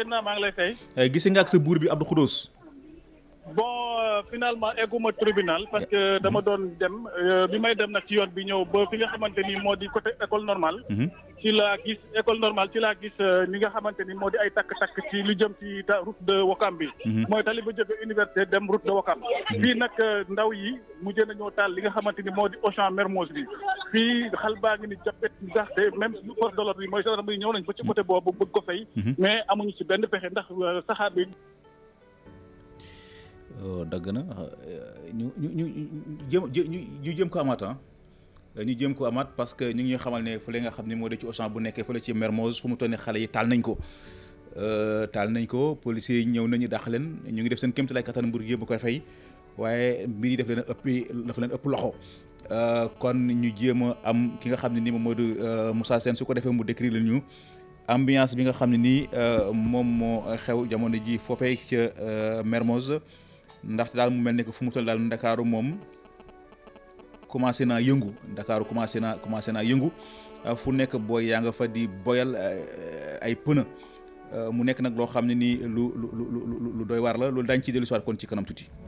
Seydina maa ngi lay fay. Eh, gis nga ak sa buur bi Abdou Khoudous. bon euh, finalement egguma tribunal parce que dama doon dem euh, bi may dem nag ci yoon bi ñëw ba fi nga xamante ni moo di côté école normal mm-hmm. ci laa gis école normal ci laa gis euh, ñi nga xamante ni moo di ay takk-takk ci lu jëm ci route de Wakam bi. Mm-hmm. mooy tali ba jóge université dem route de Wakam. Mm-hmm. fii nag ndaw yi mujj nañoo taal li nga xamante ni moo di Auchan Mermoz bi. fii xal baa ngi ni jàppet ndax te même force de l'ordre yi mooy gendarme yi ñëw nañ fa ci côté boobu bëgg ko fay. Mhm. mais amuñu si benn pexe ndax euh, saxaar bi. Oh, dagg na ñu ñu ñu jëm ñu jëm ko amaat ah. ñu jëm ko amaat parce que ñu ngi xamal ne fële nga xam ne moo de ci Auchan bu nekkee fële ci Mermoz fu mu toll nii xale yi taal nañ ko. Euh, taal nañ ko policiers yi ñëw nañu dàq leen ñu ngi def seen kéemtalaay kattan mbir yëpp ko fay. waaye mbir yi daf leen ëppi dafa leen ëpp loxo euh, kon ñu jéem a am ki nga xam ne nii moom moo di euh, Moussa Sène su ko defee mu décrire la ñu ambiance bi nga xam ne nii euh, moom moo xew jamono ji foofee ca Mermoz ndaxte daal mu mel ne que fu mu toll daal ndakaaru moom commencé naa yëngu ndakaaru commencé naa commencé naa yëngu fu nekk booy yaa nga fa di boyal ay pneu mu nekk nag loo xam ne nii lu lu lu lu doy waar la loolu daañu ciy dellusiwaat kon ci kanam tuuti.